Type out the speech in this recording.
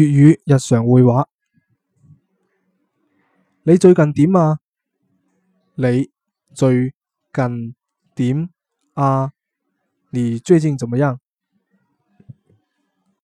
粵語日常會話，你最近點啊？你最近點啊？你最近怎麼樣？